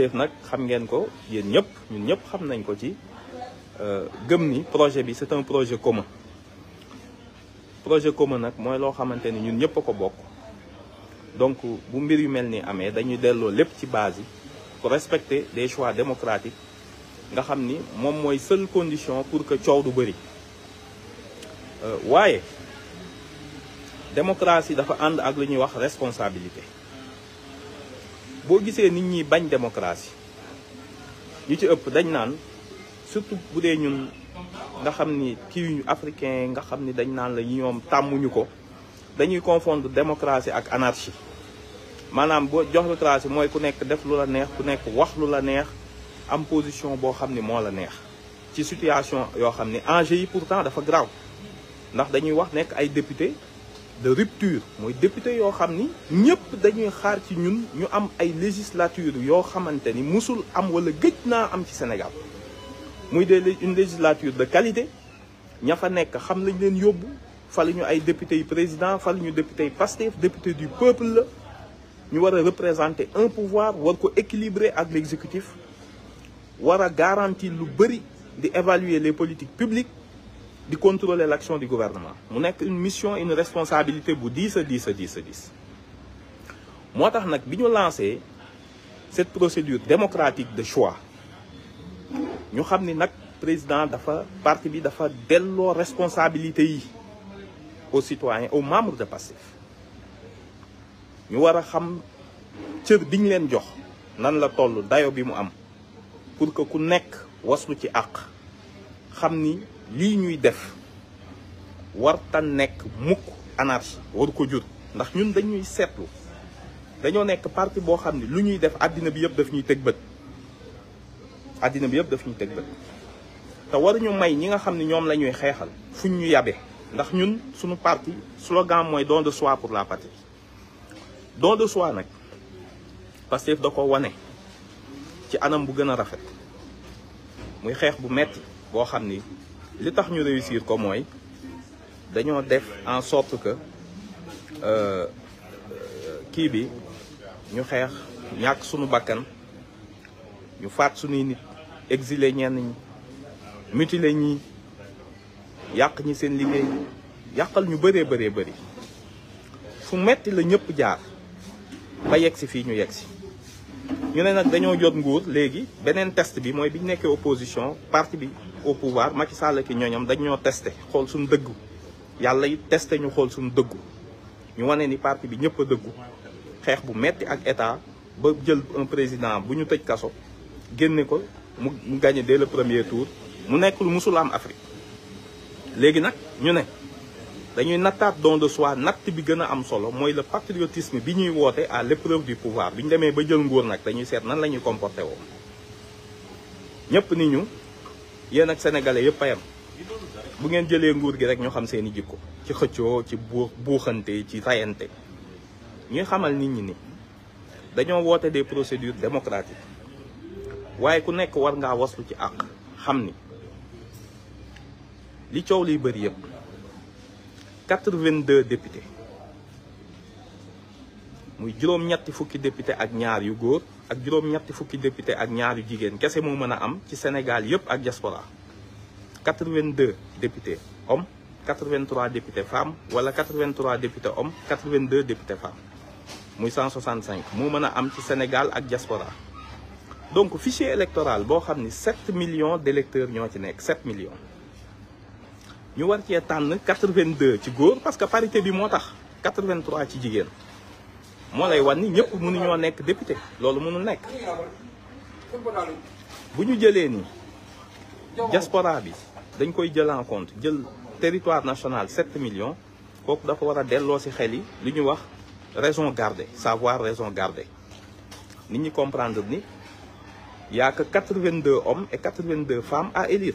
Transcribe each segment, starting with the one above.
Pastef nag xam ngeen ko yéen ñëpp ñun ñëpp xam nañ ko ci euh, gëm ni projet bi c'est un projet commun projet commun nag mooy loo xamante ni ñun ñëpp a ko bokk donc bu mbir yu mel ni amee dañuy delloo lépp ci base yi pour respecter des choix démocratiques nga xam ni moom mooy seule condition pour que coow du bëri euh, waaye démocratie dafa ànd ak lu ñuy wax responsabilité boo gisee nit ñi bañ démocratie ñu ci ëpp dañ naan surtout bu dee ñun nga xam ni kii africain nga xam ni dañ naan la ñoom tàmmuñu ko dañuy confondre démocratie ak anarchie maanaam boo jox démocratie mooy ku nekk def lu la neex ku nekk wax lu la neex am position boo xam ni moo la neex ci situation yoo xam ni enjeu yi pourtant dafa grave ndax dañuy wax nekk ay député de rupture mooy député yoo xam ni ñëpp dañuy xaar ci ñun ñu am ay législature yoo xamante ni musul am wala gëj naa am ci Sénégal muy des une législature de qualité ña fa nekk xam lañ leen yóbbu fala ñu ay député yu président fal ñu député yu Pastef député du peuple la ñu war a représenter un pouvoir war ko équilibrer ak l'exécutif war a garantir lu bëri di évaluer les politiques publiques di contrôler l'action du gouvernement mu nekk une mission une responsabilité bu diis a diis a diis a diis moo tax nag bi ñu lancé cette procédure démocratique de choix ñu xam ni nag président dafa parti bi dafa delloo responsabilité yi aux citoyens aux membres de Pastef ñu war a xam cër bi ñu leen jox nan la toll dayo bi mu am pour que ku nekk waslu ci àq xam ni lii ñuy def warta nekk mukk anarchie waru ko jur ndax ñun dañuy seetlu dañoo nekk parti boo xam ne lu ñuy def àddina bi yëpp daf ñuy teg bët àddina bi yëpp daf ñuy teg bët te waruñu may ñi nga xam ne ñoom la xeexal fuñ ñu yabee ndax ñun sunu parti slogan mooy don de soi pour la pati don de soi nag Pastef da ko wane ci anam bu gën a rafet muy xeex bu metti boo xam ni li tax ñu réussir ko mooy dañoo def en sorte que euh, kii bi ñu xeex ñàkk suñu bakkan ñu faat suñuy nit exiler ñenn ñi mutiler ñi yàq ñi seen liggéey yàqal ñu bëree bëree bari fu metti la ñëpp jaar ba yegg si fii ñu yegg si ñu ne nag dañoo jot nguur léegi beneen test bi mooy bi ñu nekkee opposition parti bi au pouvoir Macky ki ñooñam dañ ñoo testé xool suñu dëggu yàlla yi testé ñu xool suñu dëggu ñu wane ni parti bi ñëpp a dëggu xeex bu metti ak état ba jël un président bu ñu tëj kaso génne ko mu mu gagné dès le premier tour mu nekk lu musul Afrique léegi nag ñu ne. dañuy nattaat don de soi natt bi gën a am solo mooy le patriotisme bi ñuy woote à l'épreuve du pouvoir bi ñu demee ba jël nguur nag dañuy seet nan la ñuy comporté woo ñëpp ni ñu yéen ak sénégalais yëpp a yem bu ngeen jëlee nguur gi rek ñu xam seen i jikko ci xëcco ci buux buuxante ci rayante ñuy xamal nit ñi ni dañoo woote des procédures démocratiques waaye ku nekk war ngaa waslu ci àq xam ni li coow liy bëri yëpp quatre-vingt-deux députés muy juróom-ñetti fukki député ak ñaar yu góor ak juróom-ñetti fukki député ak ñaar yu jigéen kese moo mën a am ci Sénégal yëpp ak diaspora 82 députés hommes 83 députés femmes wala 83 députés hommes 82 députés femmes muy 165 moo mën a am ci Sénégal ak diaspora donc fichier électoral boo xam ni 7 millions d'électeurs ñoo ci nekk 7 millions. ñu war cee tànn quatre-vingt-deux ci góor parce que parité bi moo tax quatre-vingt-trois ci jigéen moo lay wan ni ñëpp mënuñoo nekk député loolu mënul nekk bu ñu jëlee ni diaspora bi dañ koy jël en contre jël territoire national sept million kooku dafa war a delloo ci xel yi li ñu wax raison garder savoir raison gardé nit ñi comprendre ni y a que quatre-vingt-deux hommes et quatre-vingt-deux femmes à élire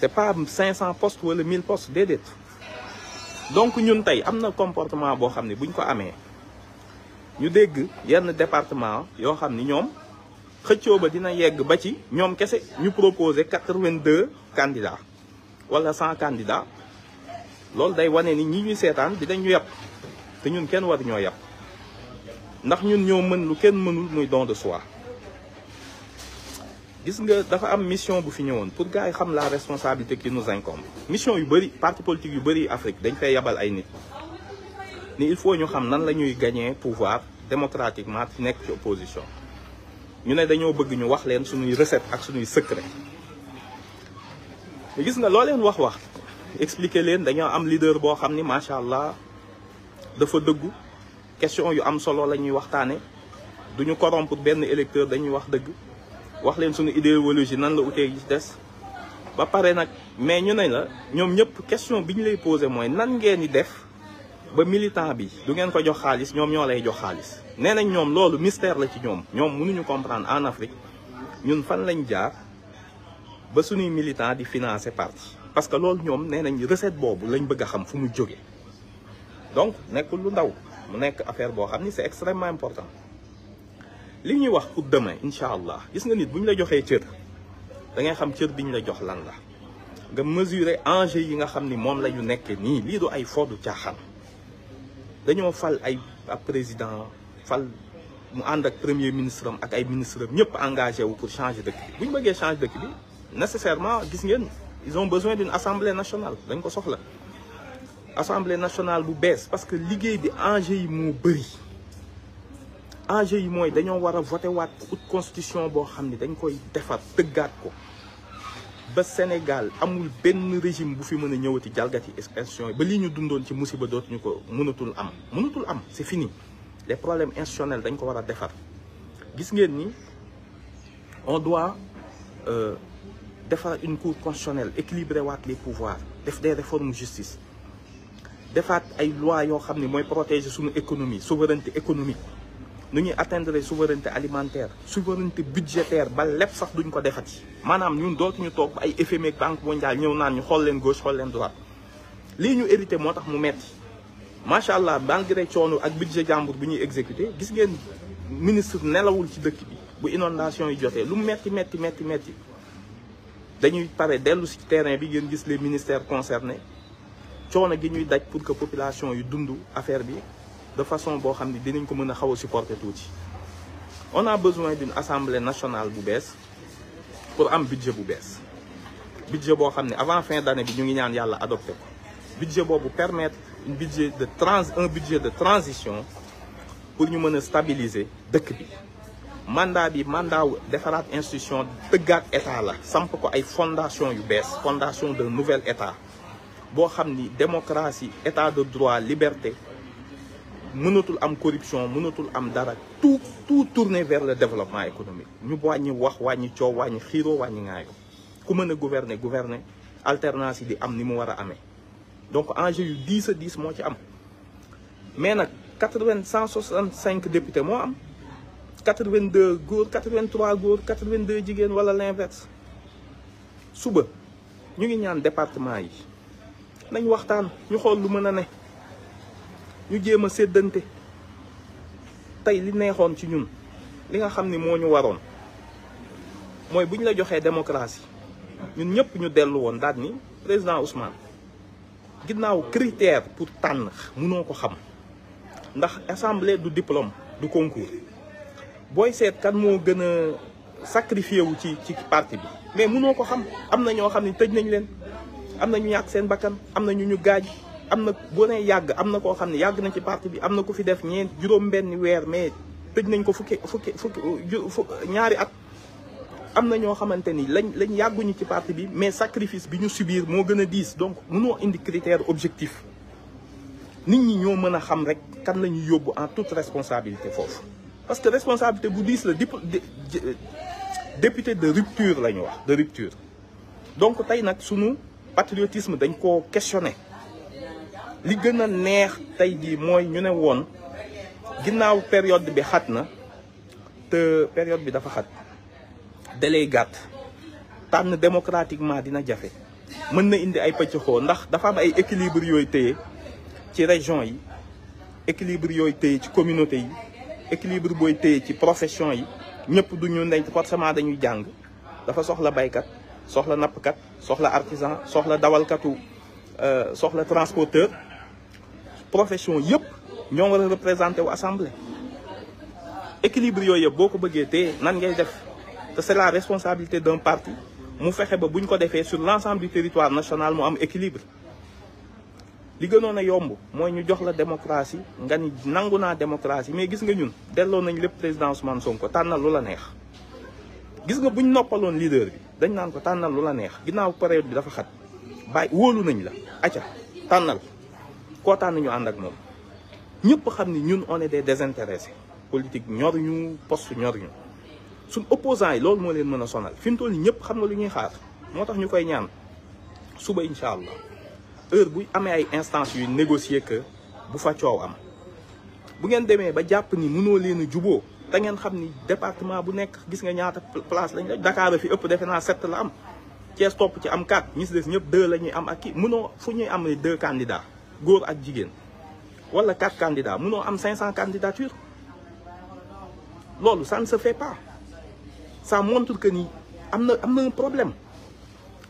c'est pas 500 postes wala 1000 postes déedéet donc ñun tey am na comportement boo xam ne buñ ko amee ñu dégg yenn département yoo xam ni ñoom xëccoo ba dina yegg ba ci ñoom kese ñu proposer 82 candidats wala 100 candidats loolu day wane ni ñi ñuy seetaan dinañu yàpp te ñun kenn war ñoo yàpp ndax ñun ñoo mën lu kenn mënul muy don de soi. gis nga dafa am mission bu fi ñëwoon pour gars yi xam la responsabilité qui nu incombe mission yu bëri parti politique yu bëri Afrique dañ fay yabal ay nit ni il faut ñu xam nan la ñuy gagner pouvoir démocratiquement ci nekk ci opposition ñu ne dañoo bëgg ñu wax leen suñuy recette ak suñuy secret gis nga loo wax wax expliquer leen dañoo am leader boo xam ni macha allah dafa dëggu question yu am solo la ñuy waxtaane duñu corrompre benn électeur dañuy wax dëgg wax leen suñu idéologie nan la utee gis des ba pare nag mais ñu ne la ñoom ñëpp question bi ñu lay posé mooy nan ngeen di def ba militant bi du ngeen ko jox xaalis ñoom ñoo lay jox xaalis nee nañ ñoom loolu mystère la ci ñoom ñoom mënuñu comprendre en Afrique ñun fan lañ jaar ba sunuy militant di financer parti parce que loolu ñoom nee nañ recette boobu lañ bëgg a xam fu mu jóge donc nekkul lu ndaw mu nekk affaire boo xam ni c'est extrêmement important li ñuy wax pour demain incha allah gis nga nit bu ñu la joxee cër da ngay xam cër bi ñu la jox lan la nga mesure enjeu yi nga xam ni moom la ñu nekk nii lii du ay foodu caaxaan dañoo fal ay ab président fal mu ànd ak premier ministre am ak ay ministre am ñëpp engagé wu pour changer dëkk bi bu ñu bëggee changer dëkk bi nécessairement gis ngeen ils ont besoin d'une assemblée nationale dañ ko soxla assemblée nationale bu bees parce que liggéey bi enjeu yi moo bëri. enjeu yi mooy dañoo war a voté waat ut constitution boo xam ne dañ koy defar tëggaat ko ba Sénégal amul benn régime bu fi mën a ñëwati jalgati institution yi ba li ñu dundoon ci musiba dootuñu ko mënatul am mënatul am c'est fini les problèmes institutionnels dañ ko war a defar gis ngeen ni on doit euh, defar une cour constitutionnelle équilibrer waat les pouvoirs def des réforme justice defaat ay loi yoo xam ne mooy protéger suñu économie souveraineté économique nu ñuy atteindre souveraineté alimentaire souveraineté budgétaire ba lépp sax duñ ko defati maanaam ñun dootuñu toog ay FMI ak banque mondiale ñëw naan ñu xool leen gauche xool leen droite lii ñu hérité moo tax mu metti macha allah malgré coono ak budget jàmbur bu ñuy exécuté gis ngeen ministre nelawul ci dëkk bi bu inondation yi jotee lu metti metti metti metti dañuy pare dellu si terrain bi ngeen gis les ministères concernés coono gi ñuy daj pour que population yu dund affaire bi de façon boo xam ni dinañ ko mën a xaw a supporter tuuti on a besoin d'une assemblée nationale bu bees pour am budget bu bees budget boo xam ne avant fin d'année bi ñu ngi ñaan yàlla adopté ko budget boobu permettre une budget de trans un budget de transition pour ñu mën a stabiliser dëkk bi mandat bi mandat wu defaraat institution tëggaat état la samp ko ay fondation yu bees fondation de nouvel état boo xam ni démocratie état de droit liberté mënatul am corruption mënatul am dara tout tout tourné vers le développement économique ñu wàññi wax wàññi coow wàññi xiiroo wàññi ŋaayo ku mën a gouverner gouverner alternance yi di am ni mu war a amee donc enjeu yu 10 a 10 moo ci am mais nag 80 165 député moo am 82 góor 83 góor 82 jigéen wala l'inverse suba ñu ngi ñaan département yi nañ waxtaan ñu xool lu mën a ne ñu jéem a séddante tey li neexoon ci ñun li nga xam ni moo ñu waroon mooy bu ñu la joxee démocratie ñun ñëpp ñu dellu woon daal ni président Ousmane ginnaaw critère pour tànn mënoo ko xam ndax assemblée du diplôme du concours booy seet kan moo gën a sacrifié wu ci ci parti bi mais mënoo ko xam am na ñoo xam ne tëj nañ leen am na ñu ñàkk seen bakkan am na ñu ñu gaañ am na boo nee yàgg am na koo xam ne yàgg nañ ci parti bi am na ko fi def ñeent juróom-benn weer mais tëj nañ ko fukki fukki fukki ñaari at. am na ñoo xamante ni lañ lañ yàgguñu ci parti bi mais sacrifice bi ñu subir moo gën a diis donc mënoo indi critère objectif nit ñi ñoo mën a xam rek kan la ñuy yóbbu en tout responsabilité foofu. parce que responsabilité bu diis la député de rupture la ñu wax de rupture donc tey nag sunu patriotisme dañ koo questionné. li gën a neex tey jii mooy ñu ne woon ginnaaw période bi xat na te période bi dafa xat délai gàtt tànn démocratiquement dina jafe mën na indi ay pëccxoo ndax dafa am ay équilibre yooyu téye ci région yi équilibre yooyu téye ci communauté yi équilibre booyu téye ci profession yi ñëpp du ñu ne forcément dañuy jàng dafa soxla baykat soxla nappkat soxla artisan soxla dawalkatu euh, soxla transporteur profession yëpp ñoo war a représenté wu assemblée équilibre yooyu yëpp boo ko bëggee te nan ngay def te c'est la responsabilité d'un parti mu fexe ba buñ ko defee sur l'ensemble du territoire nationale mu am équilibre li gënoon a yomb mooy ñu jox la démocratie nga ni nangu naa démocratie mais gis nga ñun delloo nañ lépp président Ousmane ko tànnal lu la neex gis nga bu ñu noppaloon leader bi dañ naan ko tànnal lu la neex ginnaaw période bi dafa xat bàyyi wóolu nañ la acca tànnal kootaan nañu ànd ak moom ñëpp xam ni ñun on est des désintéressés politique ñor ñu poste ñor ñu suñ opposants yi loolu moo leen mën a sonal fi mu toll nii ñëpp xam na lu ñuy xaar moo tax ñu koy ñaan suba incha allah heure bu amee ay instance yuy négocier que bu fa coow am bu ngeen demee ba jàpp ni mënoo leen a juboo te ngeen xam ni département bu nekk gis nga ñaata place lañ la fi ëpp defe naa sept la am Thiès topp ci am quatre ñi si des ñëpp deux la ñuy am ak kii mënoo fu ñuy am góor ak jigéen wala quatre candidats noo am cinq cent candidatures loolu ça ne se fait pas ça montre que am na am na problème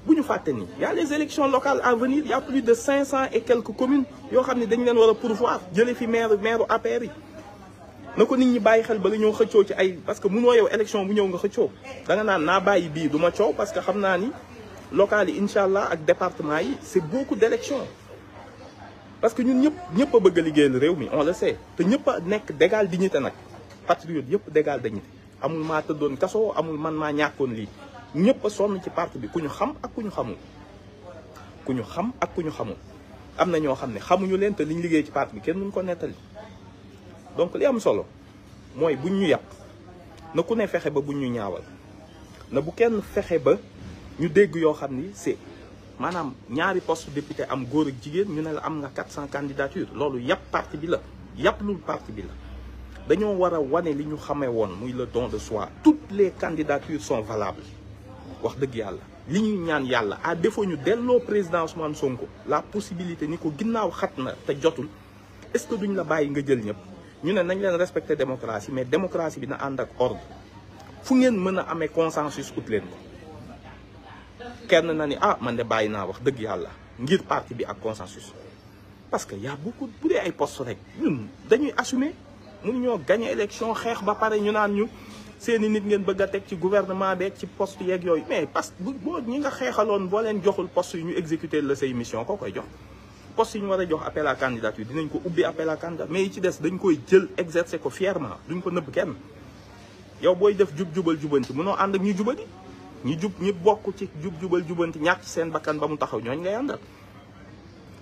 bu ñu fàtte ni y a les élections locales à venir y plus de cinq cent et quelques communes yoo xam ne dañu leen war a pourvoir jële fi maire maire APR yi na ko nit ñi bàyyi xel ba la ñoo xëccoo ci ay parce que munoo yow élection bu ñëw nga xëccoo da nga naan naa bàyyi bii du ma coow parce que xam naa ni local yi incha ak département yi c'est beaucoup d'élections parce que ñun ñëpp ñëpp a bëgg a liggéeyal réew mi on le sait te ñëpp a nekk d'égale dignité nag patriote yëpp d'égale dignité amul maa tëddoon kasoo amul man maa ñàkkoon lii ñëpp a sonn ci parti bi ku ñu xam ak ku ñu xamul ku ñu xam ak ku ñu xamul am na ñoo xam ne xamuñu leen te liñ liggéey ci parti bi kenn ñu ko nettali donc li am solo mooy buñ ñu yàq na ku ne fexe ba bu ñu ñaawal na bu kenn fexe ba ñu dégg yoo xam ni c'est maanaam ñaari post député am góor ak jigéen ñu ne la am nga 400 candidature loolu yàpp parti bi la yàpp lu parti bi la dañoo war a wane li ñu xamee woon muy le don de soi toutes les candidatures sont valables wax dëgg yàlla li ñuy ñaan yàlla à defoo ñu delloo président Ousmane Sonko la possibilité ni ko ginnaaw xat na te jotul est-ce que duñ la bàyyi nga jël ñëpp ñu ne nañ leen respecter démocratie mais démocratie bi na ànd ak ordre fu ngeen mën a amee consensus ut leen ko kenn na ni ah man de bàyyi naa wax dëgg yàlla ngir parti bi ak consensus parce que y' bu beaucoup bu dee ay post rek ñun dañuy assumer mun ñoo gagné élection xeex ba pare ñu naan ñu seeni nit ngeen bëgg teg ci gouvernement beeg ci post yeeg yooyu mais parce que boo ñi nga xeexaloon boo leen joxul post yu ñu exécuter la say mission koo koy jox poste yi ñu war a jox appel à candidature dinañ ko ubbi appel à candidature mais yi ci des dañ koy jël exercer ko fièrement duñ ko nëbb kenn yow booy def jub jubal jubanti munoo ànd ak ñu jubali ñu jub ñu bokk ci jub jubal jubanti ñàkk seen bakkan ba mu taxaw ñooñ nga àndal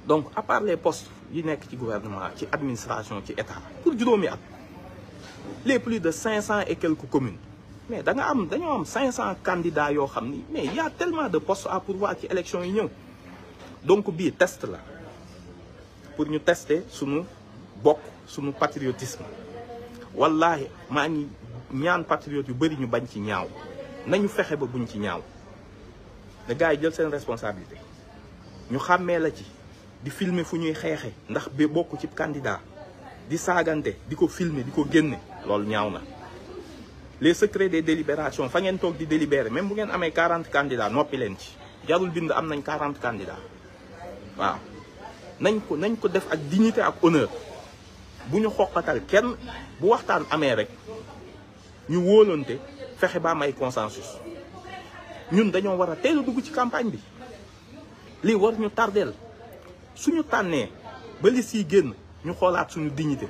donc à part les yi nekk ci gouvernement ci administration ci état pour juróomi at les plus de cinq cent et commune mais da nga am dañoo am cinq cent candidats yoo xam ni mais y a de post à pourvoir ci élection yi ñëw donc bii test la pour ñu tester suñu bokk suñu patriotisme wallahi maa ngi ñaan patriote yu bëri ñu bañ ci ñaaw nañu fexe ba buñ ci ñaaw da gaa yi jël seen responsabilité ñu xàmmee la ci di filmer fu ñuy xeexe ndax bi bokk ci candidat di saagante di ko filmer di ko génne loolu ñaaw na les secrets des délibérations fa ngeen toog di délibérer même bu ngeen amee 40 candidats noppi leen ci jarul bind am nañ 40 candidats waaw nañ ko nañ ko def ak dignité ak honneur bu ñu xoqatal kenn bu waxtaan amee rek ñu wóolante fexe baa may ay consensus ñun dañoo war a teel a dugg ci campagne bi lii war ñu tardeel suñu tànnee ba li siy génn ñu xoolaat suñu dignité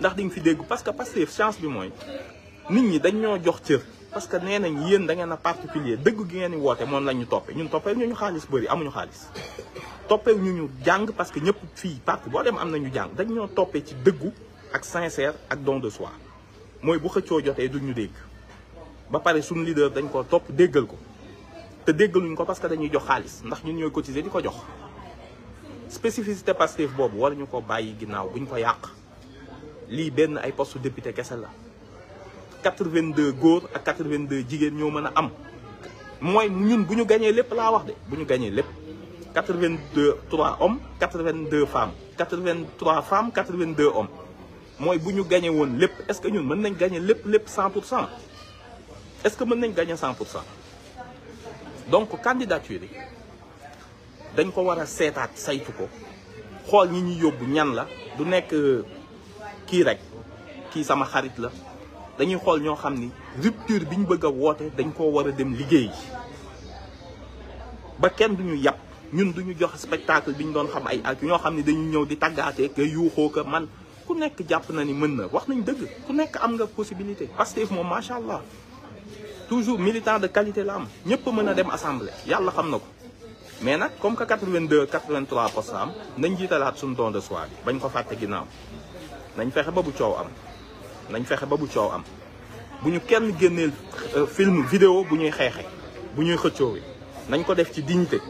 ndax di fi dégg parce que Pastef chance bi mooy nit ñi dañ ñoo jox cër parce que nee nañ yéen da ngeen a particulier dëgg gi ngeen di woote moom lañ ñu toppee ñun toppee ñu ñu xaalis bëri amuñu xaalis toppee ñu ñu jàng parce que ñëpp fii parti boo dem am nañu jàng dañ ñoo toppee ci déggu ak sincère ak don de soi mooy bu xëccoo jotee duñ ñu dégg ba pare suñu leader dañ ko topp déggal ko te déggaluñ ko parce que dañuy jox xaalis ndax ñun ñooy cotiser di ko jox spécificité Pastef boobu war ñu ko bàyyi ginnaaw bu ñu ko yàq lii benn ay poste député kese la 82 góor ak 82 jigéen ñoo mën a am mooy ñun bu ñu gañee lépp laa wax de bu ñu gañee lépp 82 3 hommes 82 femmes 83 femmes 82 hommes mooy bu ñu gañee woon lépp est-ce que ñun mën nañ gañee lépp lépp 100 pour cent est-ce que mën nañ gagner 100 pour cent donc candidature yi dañ ko war a seetaat saytu ko xool ñi ñu yóbbu ñan la du nekk euh, kii rek kii sama xarit la dañuy xool ñoo xam ni rupture bi ñu bëgg a woote dañ ko war a dem liggéey ba kenn duñu yàpp ñun duñu jox spectacle bi ñu doon xam ay ak ñoo xam ni dañuy ñëw di tàggaatee ka yuuxoo ko man ku nekk jàpp na ni mën na wax nañ dëgg ku nekk am nga possibilité Pastef moom macha allah. toujours militant de qualité la am ñëpp mën a dem assemblée yàlla xam na ko mais nag comme que 82 83 pour cent am nañ jiitalaat suñu don de soi bañ ko fàtte ginnaaw nañ fexe ba bu coow am nañ fexe ba bu coow am bu ñu kenn génneel euh, film vidéo bu ñuy xeexe bu ñuy xëccoowi nañ ko def ci dignité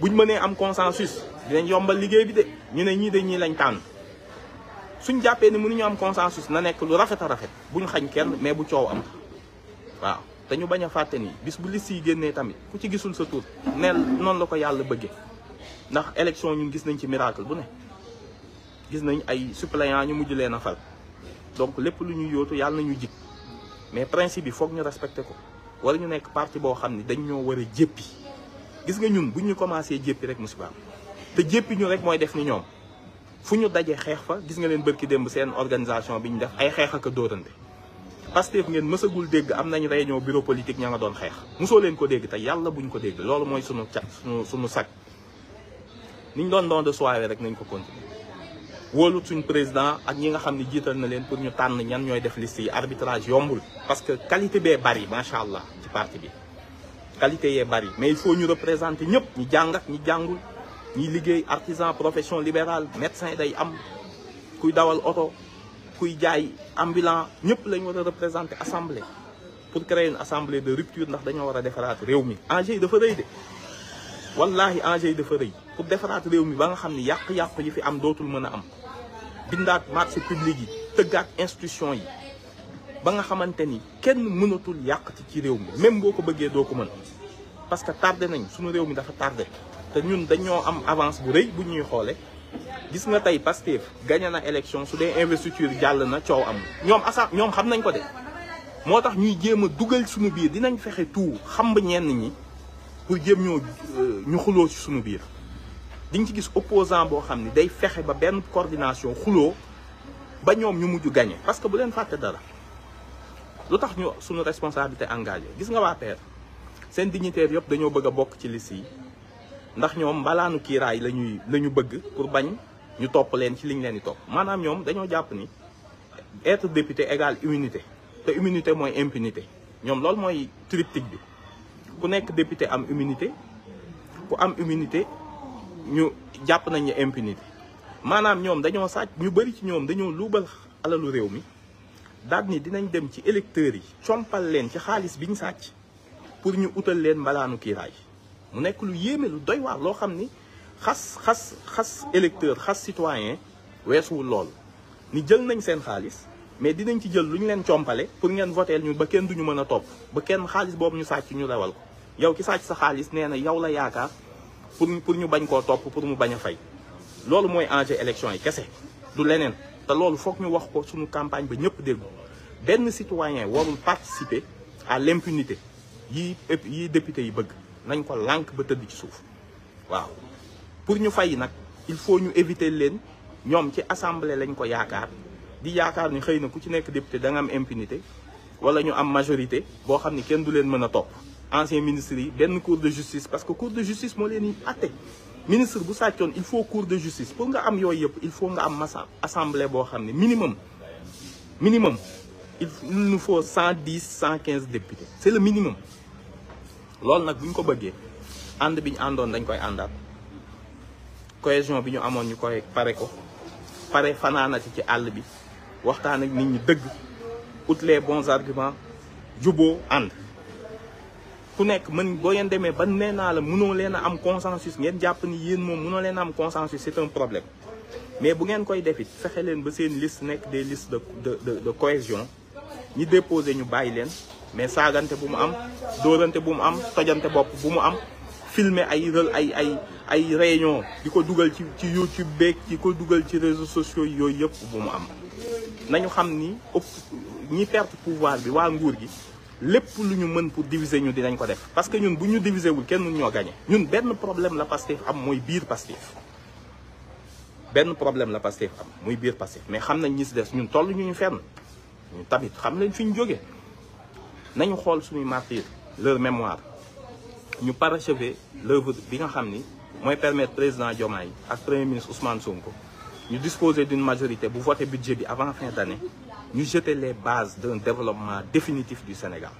buñ mënee am consensus dinañ yombal liggéey bi de ñu ne ñii de ñii lañ tànn suñ jàppee ni mënuñu am consensus na nekk lu rafet a rafet xañ kenn mais bu coow am waaw dañu bañ a fàtte ni bis bu liste yi génnee tamit ku ci gisul sa tour neel noonu la ko yàlla bëggee ndax élection ñun gis nañ ci miracle bu ne gis nañ ay suppléant ñu mujj leen a fal donc lépp lu ñuy yootu yàlla nañu jig mais principe bi foog ñu respecté ko wala ñu nekk parti boo xam ni dañ ñoo war a jéppi gis nga ñun bu ñu commencé jéppi rek musibaam te jéppi ñu rek mooy def ni ñoom fu ñu dajee xeex fa gis nga leen bërki démb seen organisation bi ñu def ay xeex ak a Pastef ngeen mësagul dégg am nañ réunion bureau politique ña nga doon xeex mosoo leen ko dégg te yàlla buñ ko dégg loolu mooy sunu ca sunu sunu sag niñ doon doon de soirée rek nañ ko continuer wóolut suñ président ak ñi nga xam ne jiital na leen pour ñu tànn ñan ñooy def li si arbitrage yombul parce que qualité bee bari macha allah ci parti bi qualité yee bari mais il faut ñu représenter ñëpp ñi jàngat ñi jàngul ñi liggéey artisan profession libérale médecin day am kuy dawal oto kuy jaay ambulant ñëpp lañ war a représenter assemblée pour créer une assemblée de rupture ndax dañoo war a defaraat réew mi enjeu yi dafa rëy de wallahi enjeu yi dafa rëy pour defaraat réew mi ba nga xam ne yàq-yàq yi fi am dootul mën a am bindaat marché public yi tëggaat institution yi ba nga xamante ni kenn mënatul yàq ci réew mi même boo ko bëggee doo ko mën parce que tardé nañ suñu réew mi dafa tardé te ñun dañoo am avance bu rëy bu ñuy xoolee gis nga tey Pastef gagné na élection su dee investiture jàll na coow am ñoom asa ñoom xam nañ ko de moo tax ñuy jéem a dugal suñu biir dinañ fexe tout xam ba ñenn ñi pour jéem ñoo euh, ñu xuloo ci suñu biir diñ ci gis opposant boo xam ni day fexe ba benn coordination xuloo ba ñoom ñu mujj gagné parce que bu leen fàtte dara lu tax ñu suñu responsabilité engagé gis nga waa seen dignitaire yëpp dañoo bëgg a bokk ci liste yi ndax ñoom mbalaanu kiiraay la ñuy la ñu bëgg pour bañ ñu topp leen ci liñ leen di topp maanaam ñoom dañoo jàpp ni être député égale immunité te immunité mooy impunité ñoom loolu mooy triptyque bi ku nekk député am immunité ku am immunité ñu jàpp nañu ne impunité maanaam ñoom dañoo sàcc ñu bëri ci ñoom dañoo luubal alalu réew mi daal ni dinañ dem ci électeurs yi compal leen ci xaalis bi ñu sàcc pour ñu wutal leen mbalaanu kiiraay mu nekk lu yéeme lu doy waar loo xam ni xas xas xas électeur xas citoyen weesuwul loolu ni jël nañ seen xaalis mais dinañ ci jël lu ñu leen compale pour ngeen voteel ñu ba kenn duñu mën a topp ba kenn xaalis boobu ñu sàcc ñu lewal ko yow ki sàcc sa xaalis nee na yow la yaakaar pour pour ñu bañ koo topp pour mu bañ a fay loolu mooy enjeu élection yi kese du leneen te loolu foog ñu wax ko suñu campagne ba ñëpp déggu benn citoyen warul participer à l'impunité yi yi député yi bëgg nañ ko lànk ba tëdd ci suuf waaw pour ñu fay nag il faut ñu éviter leen ñoom ci assemblée lañ ko yaakaar di yaakaar ni xëy na ku ci nekk député da am impunité wala ñu am majorité boo xam ni kenn du leen mën a topp ancien ministre yi benn cour de justice parce que cour de justice moo leen yi atte ministre bu sàccoon il faut cour de justice pour nga am yooyu yëpp il faut nga am masa assemblée boo xam ne minimum minimum il nous faut cent dix cent quinze députés c'est le minimum loolu nag bu ko bëggee ànd bi ñu dañ koy àndaat cohésion bi ñu amoon ñu koy pare ko pare fanaanati ci àll bi waxtaan ak nit ñi dëgg ut les bons arguments juboo ànd ku nekk mën boo yeen demee ba nee naa la mënoo leen a am consensus ngeen jàpp ni yéen moom mënoo leen a am consensus c'est un problème mais bu ngeen koy def defit fexe leen ba seen liste nekk des listes de de de cohésion ñi déposé ñu bàyyi leen mais saagante bu mu am dóorante bu mu am tojante bopp bu mu am filmer ay ay ay ay réunion di ko dugal ci ci YouTube beeg di ko dugal ci réseau sociaux yooyu yëpp bu mu am nañu xam ni ëpp ñi perte pouvoir bi waa nguur gi lépp lu ñu mën pour diviser ñu dinañ ko def parce que ñun bu ñu diviser wul kenn ñoo gagné ñun benn problème la Pastef am muy biir Pastef benn problème la Pastef am muy biir Pastef mais xam nañ ñi si des ñun toll ñu ñu fenn ñu tamit xam nañ fi ñu jóge nañu xool suñuy martyr leur mémoire ñu parachever l'œuvre bi nga xam ni mooy permettre président Diomaye ak premier ministre Ousmane Sonko ñu disposer d'une majorité bu voter budget bi avant fin d'année ñu jeter les bases d'un développement définitif du Sénégal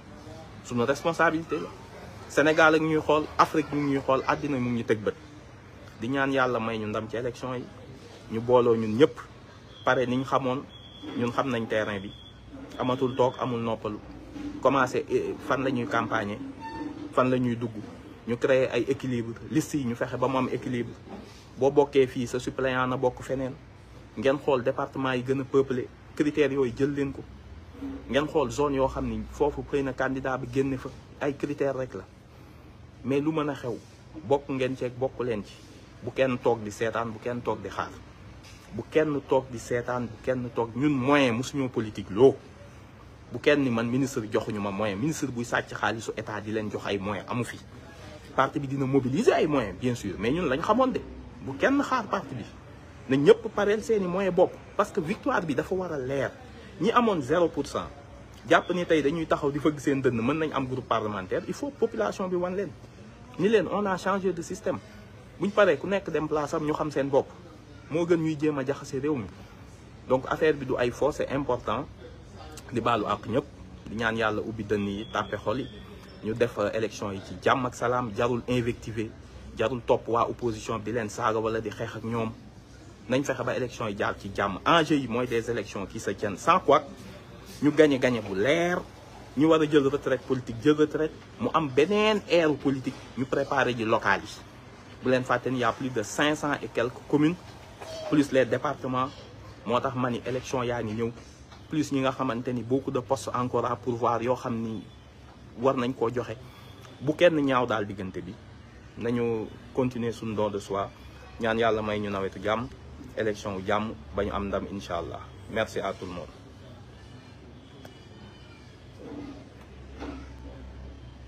suñu responsabilité Sénégal ak ñuy xool Afrique mu ñuy xool àddina mu ngi ñu teg bët di ñaan yàlla may ñu ndam ci élection yi ñu booloo ñun ñëpp pare ni ñu xamoon ñun xam nañ terrain bi amatul toog amul noppalu commencé eh, fan la ñuy campagner fan la ñuy dugg ñu créer ay équilibre liste yi ñu fexe ba mu am équilibre boo bokkee fii sa suppléant na bokk feneen ngeen xool département yi gën a peuplé critères yooyu jël leen ko ngeen xool zone yoo xam ni foofu xëy na candidat bi génne fa ay critères rek la mais lu mën a xew bokk ngeen ceeg bokk leen ci bu kenn toog di seetaan bu kenn toog di xaar bu kenn toog di seetaan bu kenn toog ñun moyen mu mosuñoo politique loo bu kenn ni man ministre joxuñu ma moyen ministre buy sàcc xaalisu état di leen jox ay moyen amu fi parti bi dina mobiliser ay moyen bien sûr mais ñun lañ xamoon de bu kenn xaar parti bi na ñëpp pareel seeni moyen bopp parce que victoire bi dafa war a leer ñi amoon zéro pour cent jàpp ni tey dañuy taxaw di fëgg seen dënn mën nañ am groupe parlementaire il faut population bi wan leen ni leen on a changé de système buñ paree ku nekk dem place am ñu xam seen bopp moo gën ñuy jéem a jaxase réew mi donc affaire bi du ay force c'est important di baalu ak ñëpp di ñaan yàlla ubbi dënn yi tàppe xol ñu def euh, élection yi ci jàmm ak salaam jarul invectiver jarul topp waa opposition di leen saaga wala di xeex ak ñoom nañ fexe ba élection yi jaar ci jàmm enjeu yi mooy des élections qui se tiennent sans quoi ñu gañe gañe bu leer ñu war a jël retraite politique jël retraite mu am beneen ère politique ñu préparer ji locales yi bu leen fàtte ni y' a plus de cinq cent et quelques communes plus les départements moo tax ma ni élection yaa ngi ñëw plus ñi nga xamante ni beaucoup de postes encore à pourvoir yoo xam ni war nañ koo joxe bu kenn ñaaw daal diggante bi nañu continuer suñu don de soi ñaan yàlla may ñu nawetu jàmm élection wu jàmm ba ñu am ndam incha allah merci à tout le monde